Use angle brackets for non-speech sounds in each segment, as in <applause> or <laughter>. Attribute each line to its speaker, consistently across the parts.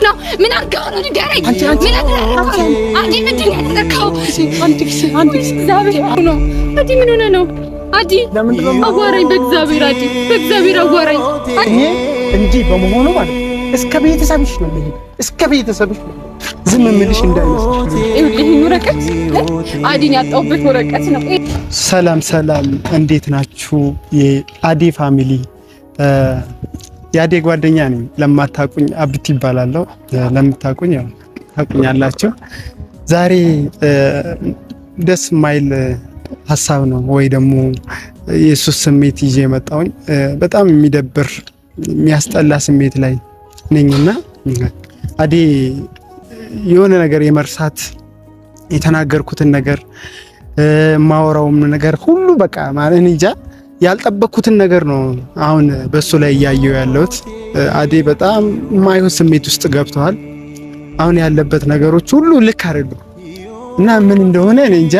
Speaker 1: እያደረኩት ነው? ምን አድርገው ነው ንገረኝ። ምን አደረግከው? አዲ ምንድን ነው ያደረግከው? አዲ ምን ሆነ ነው? አዲ አዋራኝ፣ በእግዚአብሔር አዲ፣ በእግዚአብሔር አዋራኝ።
Speaker 2: ይሄ እንዲህ በመሆኑ ማለት እስከ ቤተሰብሽ ነው የምሄድ፣ እስከ ቤተሰብሽ ነው ዝም የምልሽ እንዳይመስልሽ።
Speaker 1: ይሄ ወረቀት አዲን ያጣውበት ወረቀት ነው።
Speaker 2: ሰላም ሰላም፣ እንዴት ናችሁ የአዲ ፋሚሊ? የአዴ ጓደኛ ነኝ። ለማታቁኝ አብት ይባላለሁ። ለምታቁኝ ያው ታቁኛላችሁ። ዛሬ ደስ ማይል ሀሳብ ነው ወይ ደግሞ የሱስ ስሜት ይዤ የመጣውኝ በጣም የሚደብር የሚያስጠላ ስሜት ላይ ነኝና አዴ የሆነ ነገር የመርሳት የተናገርኩትን ነገር ማወራውም ነገር ሁሉ በቃ ማለት እንጃ ያልጠበኩትን ነገር ነው አሁን በሱ ላይ እያየው ያለሁት። አዴ በጣም የማይሆን ስሜት ውስጥ ገብተዋል። አሁን ያለበት ነገሮች ሁሉ ልክ አይደሉም እና ምን እንደሆነ እኔ እንጃ።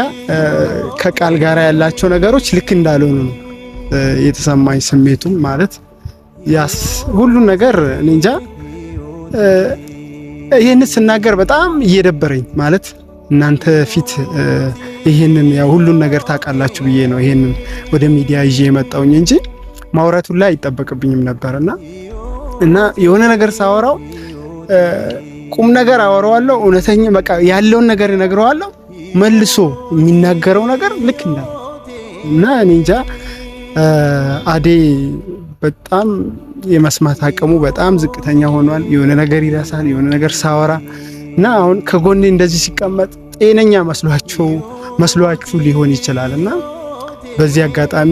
Speaker 2: ከቃል ጋር ያላቸው ነገሮች ልክ እንዳልሆኑ ነው የተሰማኝ። ስሜቱም ማለት ያስ ሁሉ ነገር እኔ እንጃ። ይህን ስናገር በጣም እየደበረኝ ማለት እናንተ ፊት ይህንን ያው ሁሉን ነገር ታውቃላችሁ ብዬ ነው ይህንን ወደ ሚዲያ ይዤ የመጣውኝ እንጂ ማውራቱ ላይ አይጠበቅብኝም ነበርና እና የሆነ ነገር ሳወራው ቁም ነገር አወራዋለሁ። እውነተኛ በቃ ያለውን ነገር እነግረዋለሁ። መልሶ የሚናገረው ነገር ልክ እንዳ እና እኔ እንጃ አዴ በጣም የመስማት አቅሙ በጣም ዝቅተኛ ሆኗል። የሆነ ነገር ይረሳል። የሆነ ነገር ሳወራ እና አሁን ከጎኔ እንደዚህ ሲቀመጥ ጤነኛ መስሏቸው መስሏችሁ ሊሆን ይችላል እና በዚህ አጋጣሚ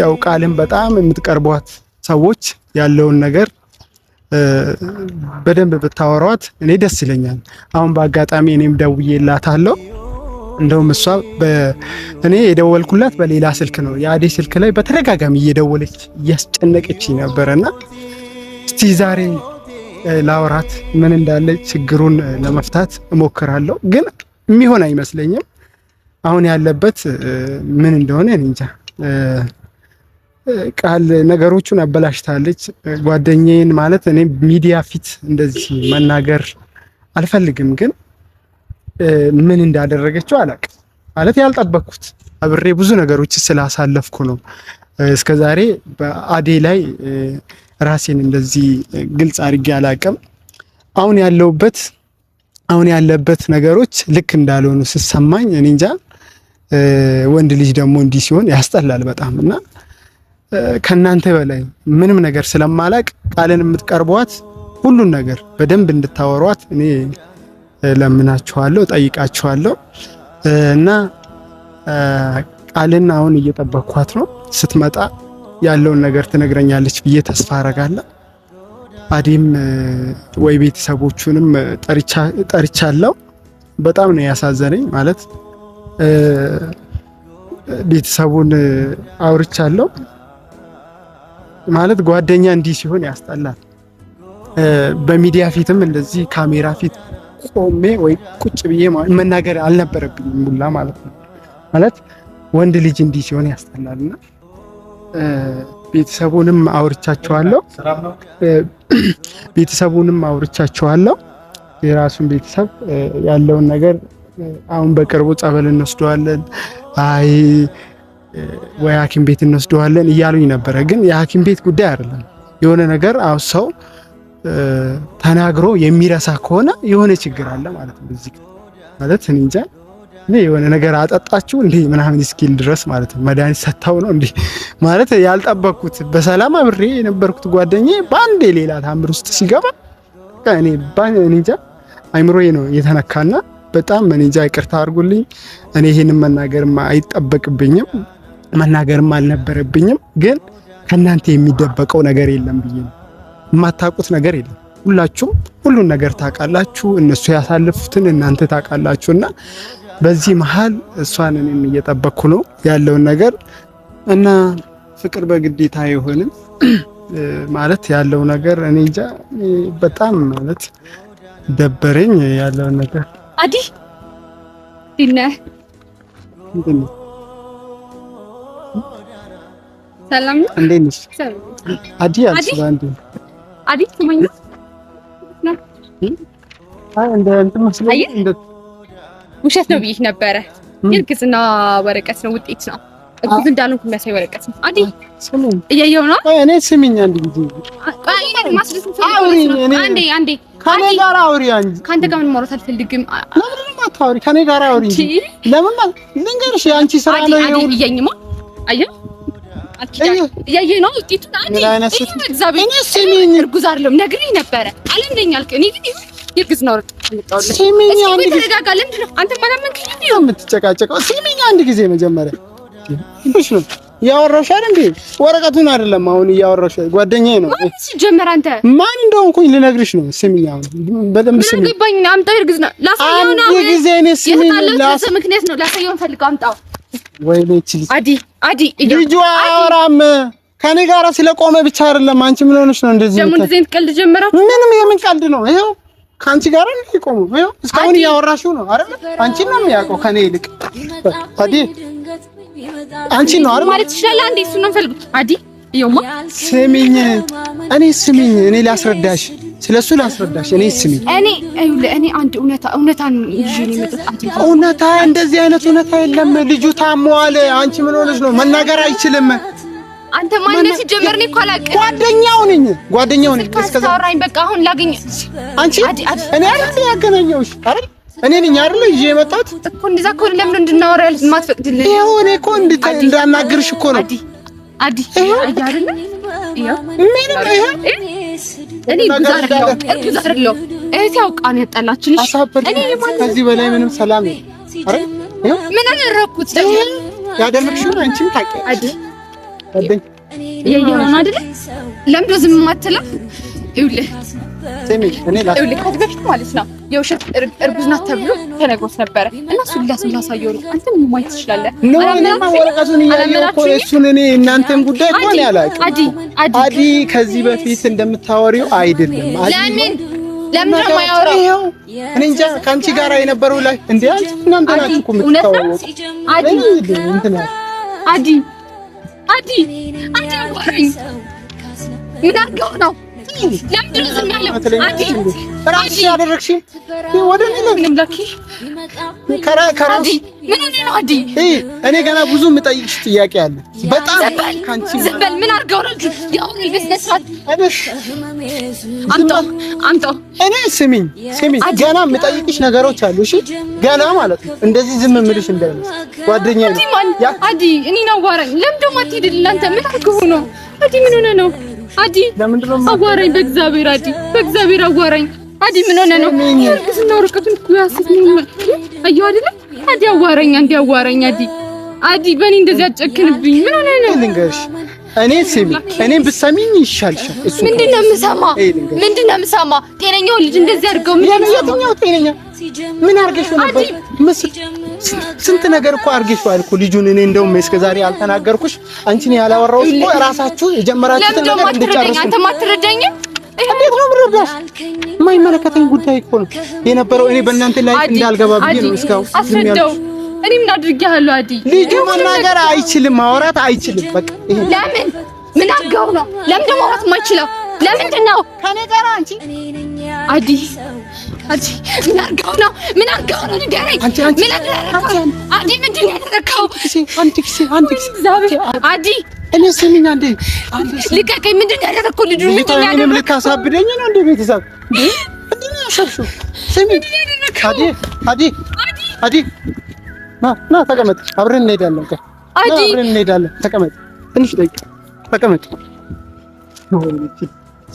Speaker 2: ያው ቃልን በጣም የምትቀርቧት ሰዎች ያለውን ነገር በደንብ ብታወሯት እኔ ደስ ይለኛል። አሁን በአጋጣሚ እኔም ደውዬላታለሁ። እንደውም እሷ እኔ የደወልኩላት በሌላ ስልክ ነው። የአዴ ስልክ ላይ በተደጋጋሚ እየደወለች እያስጨነቀች ነበረና እስቲ ዛሬ ላወራት ምን እንዳለ ችግሩን ለመፍታት እሞክራለሁ፣ ግን የሚሆን አይመስለኝም። አሁን ያለበት ምን እንደሆነ እንጃ። ቃል ነገሮቹን አበላሽታለች። ጓደኛዬን ማለት እኔ ሚዲያ ፊት እንደዚህ መናገር አልፈልግም፣ ግን ምን እንዳደረገችው አላውቅም። ማለት ያልጠበኩት አብሬ ብዙ ነገሮች ስላሳለፍኩ ነው። እስከዛሬ በአዴ ላይ ራሴን እንደዚህ ግልጽ አድርጌ አላቅም። አሁን ያለውበት አሁን ያለበት ነገሮች ልክ እንዳልሆኑ ስሰማኝ እኔ እንጃ ወንድ ልጅ ደግሞ እንዲህ ሲሆን ያስጠላል በጣም እና ከእናንተ በላይ ምንም ነገር ስለማላቅ ቃልን የምትቀርቧት ሁሉን ነገር በደንብ እንድታወሯት እኔ ለምናችኋለሁ፣ ጠይቃችኋለሁ እና ቃልን አሁን እየጠበቅኳት ነው። ስትመጣ ያለውን ነገር ትነግረኛለች ብዬ ተስፋ አረጋለሁ። አዲም ወይ ቤተሰቦቹንም ጠርቻ ጠርቻለሁ። በጣም ነው ያሳዘነኝ ማለት ቤተሰቡን አውርቻለሁ። ማለት ጓደኛ እንዲህ ሲሆን ያስጠላል። በሚዲያ ፊትም እንደዚህ ካሜራ ፊት ቆሜ ወይ ቁጭ ብዬ መናገር አልነበረብኝም ሁላ ማለት ነው። ማለት ወንድ ልጅ እንዲህ ሲሆን ያስጠላልና ቤተሰቡንም አውርቻቸዋለሁ። ቤተሰቡንም አውርቻቸዋለሁ የራሱን ቤተሰብ ያለውን ነገር አሁን በቅርቡ ጸበል እንወስደዋለን፣ አይ ወይ ሐኪም ቤት እንወስደዋለን እያሉኝ ነበረ። ግን የሐኪም ቤት ጉዳይ አይደለም። የሆነ ነገር አው ሰው ተናግሮ የሚረሳ ከሆነ የሆነ ችግር አለ ማለት ነው። እዚህ ማለት እኔ እንጃ እኔ የሆነ ነገር አጠጣችሁ እንዴ ምናምን እስኪል ድረስ ማለት ነው። መድኃኒት ሰታው ነው እንዴ ማለት ያልጠበቅኩት። በሰላም አብሬ የነበርኩት ጓደኛዬ በአንዴ ሌላ ታምር ውስጥ ሲገባ እኔ እንጃ አይምሮዬ ነው የተነካና በጣም መኔጃ ይቅርታ አድርጉልኝ። እኔ ይህንን መናገርም አይጠበቅብኝም መናገርም አልነበረብኝም። ግን ከእናንተ የሚደበቀው ነገር የለም ብዬ ነው። የማታውቁት ነገር የለም። ሁላችሁም ሁሉን ነገር ታውቃላችሁ። እነሱ ያሳልፉትን እናንተ ታውቃላችሁ። እና በዚህ መሀል እሷን እኔም እየጠበቅኩ ነው ያለውን ነገር እና ፍቅር በግዴታ አይሆንም <clears throat> ማለት ያለው ነገር እኔ እንጃ በጣም ማለት ደበረኝ ያለውን ነገር
Speaker 1: አዲ ዲነ ሰላም ነው።
Speaker 2: እንዴት ነሽ? አዲ አዲ
Speaker 1: አዲ ስማኝ ነው።
Speaker 2: እንደ እንትን መስሎኝ እንደ
Speaker 1: ውሸት ነው ብዬሽ ነበረ። የእርግዝና ወረቀት ነው፣ ውጤት ነው። እርጉዝ እንዳልሆንኩ የሚያሳይ ወረቀት ነው። አዲ እያየሁ ነው።
Speaker 2: እኔ ስሚኝ አንድ ጊዜ ከኔ ጋር አውሪ አንጂ
Speaker 1: ካንተ ጋር ምን ማውራት አልፈልግም።
Speaker 2: ለምንድን አታውሪ? ከኔ ጋር አውሪ እንጂ ለምን ማለት ልንገርሽ፣ የአንቺ
Speaker 1: ስራ ነው። ይኸው እያየኝማ፣ አየህ፣ እያየህ ነው ውጤቱን። እርጉዝ አይደለሁም ነግሬህ ነበረ አለኝ አልክ። እኔ ግን የእርግዝና ወረቀት ተረጋጋ። ለምንድን ነው አንተ
Speaker 2: የምትጨቃጨቀው? ስሚኝ አንድ ጊዜ መጀመሪያ ነው እያወራሁሽ አይደል እንዴ? ወረቀቱን አይደለም አሁን እያወራሁሽ፣ ጓደኛዬ ነው
Speaker 1: ማን ሲጀመር። አንተ ማን
Speaker 2: እንደሆንኩኝ ልነግርሽ ነው። ስሚኝ፣ አሁን በደንብ
Speaker 1: ስሚኝ። ምን ገባኝ? አምጣው፣ እርግዝና ላሳየው ነው። ጊዜ እኔ ስሚኝ፣ ላሳየው ምክንያት ነው። ላሳየው እንፈልገው። አምጣው። ወይኔ አዲ፣ አዲ፣
Speaker 2: ልጁ አያወራም ከኔ ጋር ስለቆመ ብቻ አይደለም። አንቺ ምን ሆነሽ ነው እንደዚህ? ደግሞ እንደዚህ
Speaker 1: አይነት ቀልድ ጀመራችሁ?
Speaker 2: ምንም የምን ቀልድ ነው? ይኸው ከአንቺ ጋር ነው የቆመው። ይኸው እስካሁን እያወራሽው ነው አይደል? አንቺ ነው የሚያውቀው ከኔ ይልቅ አዲ
Speaker 1: አንቺ ነው አይደል ማለት ትችላለህ። አንዴ እሱን ነው የምፈልጉት። አዲ ይኸውማ፣
Speaker 2: ስሚኝ፣ እኔ ስሚኝ፣ እኔ ላስረዳሽ፣ ስለሱ ላስረዳሽ። እኔ ስሚኝ፣
Speaker 1: እኔ ይኸውልህ፣ እኔ አንድ እውነታ እውነታን ይዤ ነው የመጣሁት።
Speaker 2: እውነታ እንደዚህ አይነት እውነታ የለም። ልጁ ታሟል። አንቺ ምን ሆነሽ ነው? መናገር አይችልም።
Speaker 1: አንተ ማንነት ሲጀመር እኔ እኮ
Speaker 2: አላውቅም። ጓደኛው ነኝ ጓደኛው ነኝ። እስከዛ አውራኝ በቃ አሁን ላገኝ አንቺ እኔ አይደል ያገናኘውሽ አይደል እኔ ነኝ አይደል ይዤ የመጣሁት
Speaker 1: እኮ። እንደዛ ከሆነ ለምን እንድናወራ የማትፈቅድልኝ? ይኸው እኔ እኮ እንዳናግርሽ እኮ ነው። አዲ አዲ አይደል?
Speaker 2: እኔ ከዚህ በላይ ምንም ሰላም አይደል?
Speaker 1: ምን አይደል? ለምን ዝም ማትለው? ይኸውልህ
Speaker 2: ከዚህ በፊት ማለት ነው የውሸት እርጉዝ ናት ተብሎ ተነግሮት ነበረ እና እሱን ላሳየው ነው። አንተም ማየት ትችላለህ። ወረቀቱን እያየሁ እኮ እሱን እኔ እናንተን ጉዳይ እኮ እኔ አላውቅም። አዲ ከዚህ በፊት እንደምታወሪው አይደለም።
Speaker 1: ለምን ለምን
Speaker 2: እኔ እንጃ ከአንቺ ጋር የነበረው ላይ እናንተ ናችሁ እኮ አዲ አዲ አዲ አዲ
Speaker 1: ምን አድርገው ነው
Speaker 2: እኔ ገና ብዙ የምጠይቅሽ ጥያቄ አለ። በጣም ካንቺ ዝበል እኔ ስሚኝ ስሚኝ፣ ገና የምጠይቅሽ ነገሮች አሉ። እሺ ገና ማለት ነው እንደዚህ ዝም የምልሽ እንዳይመስል ጓደኛዬ አዲ እኔን አዋራኝ ለምን ደግሞ አትሄድልኝ? አንተ ምን አድርገው ነው አዲ? ምን ሆነህ ነው አዲ አዋራኝ፣ በእግዚአብሔር አዲ፣ በእግዚአብሔር አዋራኝ። አዲ ምን ሆነ ነው? እርቅስና ወረቀቱን እኮ ያስት ነው አየው አይደለ? አዲ አዋራኝ፣ አንዲ አዋራኝ። አዲ አዲ፣ በእኔ እንደዚህ አጨክንብኝ። ምን ሆነ ነው? ልንገርሽ፣ እኔ ስሚ፣ እኔን ብትሰሚኝ ይሻልሻል። እሱ ምንድን ነው የምሰማ? ምንድን ነው የምሰማ? ጤነኛው ልጅ እንደዚህ አድርገው ምን ያምኛው? ጤነኛ ምን አድርገሽ ነበር? ምስል ስንት ነገር እኮ አድርጌሽዋል እኮ ልጁን። እኔ እንደውም እስከ ዛሬ አልተናገርኩሽ፣ አንቺ ነው ያላወራሁሽ እኮ እራሳችሁ የጀመራችሁትን ነገር እንድትጨርሱ። አንተ ማትረዳኝ እንዴት ነው የምረዳሽ? የማይመለከተኝ ጉዳይ እኮ ነው የነበረው። እኔ በእናንተ ላይ እንዳልገባ ብዬ ነው እስካሁን አስረዳው እኔ ምን አድርጌሃለሁ? አዲ ልጁ መናገር አይችልም፣ ማውራት አይችልም። በቃ ይሄ ለምን ምን አገው ነው? ለምን ደግሞ ማውራት የማይችለው ለምንድን ነው? ከኔ ጋር አንቺ አዲ አንቺ ምን አድርገው ነው? ምን አድርገው ነው ንገረኝ። አንቺ አንቺ ምን አድርገው አዲ ምንድን ነው ያደረከው? አንቺ ኪሴ አንቺ አዲ እኔ ስሚኝ አንዴ ልቀቀኝ። ምንድን ነው ያደረከው? ልጁ ምንድን ነው ያደረከው? ልካሳብደኝ ነው ቤተሰብ ስሚኝ አዲ አዲ አዲ ና ና ተቀመጥ፣ አብረን እንሄዳለን። ቀ አዲ አብረን እንሄዳለን። ተቀመጥ፣ ትንሽ ደቂቃ ተቀመጥ።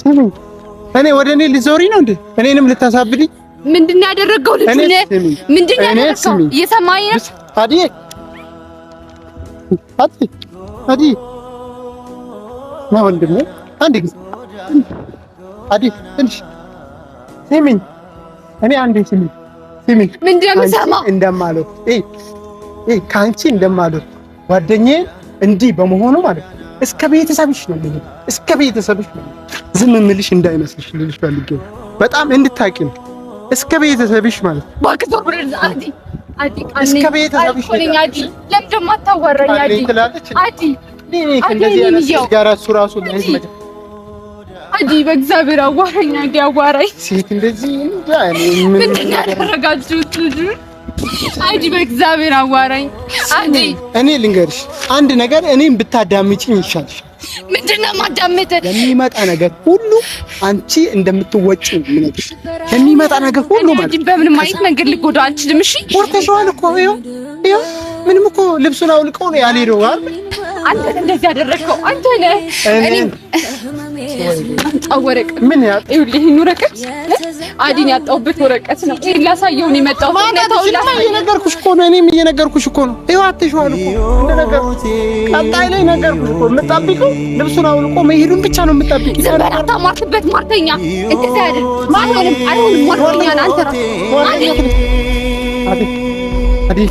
Speaker 2: ስሚኝ እኔ ወደ እኔ ልዞሪ ነው እንዴ? እኔንም ልታሳብድኝ ምንድን ያደረገው ልጅ ምንድን ያደረገው? እየሰማኝ ነው? አዲ አዲ አዲ ና ወንድሜ፣ አንድ ጊዜ አዲ ትንሽ ስሚኝ። እኔ አንዴ ስሚኝ፣ ስሚኝ። ምንድን ነው የምሰማው? እንደማለው እይ እይ፣ ከአንቺ እንደማለው ጓደኛዬ እንዲህ በመሆኑ ማለት ነው እስከ ቤተሰብሽ ነው እስከ ቤተሰብሽ ነው ዝም የምልሽ እንዳይመስልሽ ልልሽ ፈልጌ በጣም እንድታቂ ነው እስከ ቤተሰብሽ ማለት እስከ አዲ በእግዚአብሔር አዋራኝ፣ አዲ አዋራኝ። ሴት እኔ ልንገርሽ አንድ ነገር፣ እኔም ብታዳምጪኝ ይሻልሽ ምንድነው ማዳመጥ የሚመጣ ነገር ሁሉ አንቺ እንደምትወጪ ምንድነው የሚመጣ ነገር ሁሉ ማለት ነው። በምን አይነት መንገድ ልጎዳ አልችልም። እሺ ወርተሽዋል እኮ ይኸው፣ ይኸው ምንም እኮ ልብሱን አውልቀው ነው ያልሄደው አይደል አንተ እንደዚህ ያደረግከው አንተ ነህ። እኔ ወረቀት ምን ያ ይኸውልህ፣ ይሄን ወረቀት አዲን ያጣሁበት ወረቀት ነው። ይሄን ላሳየው ነው የመጣሁት። እየነገርኩሽ እኮ ነው። እኔም እየነገርኩሽ እኮ ነው። ይኸው አትሽዋል እኮ እንደነገርኩሽ፣ ቀጣይ ላይ ነገርኩሽ እኮ። የምጠብቂው ልብሱን አውልቆ መሄዱን ብቻ ነው የምጠብቂው። ዝም በል አታሟርትበት። ሟርተኛ እንደዚህ አይደል። ማንንም አይሆንም። ሟርተኛ አንተ ራስህ አዲ አዲ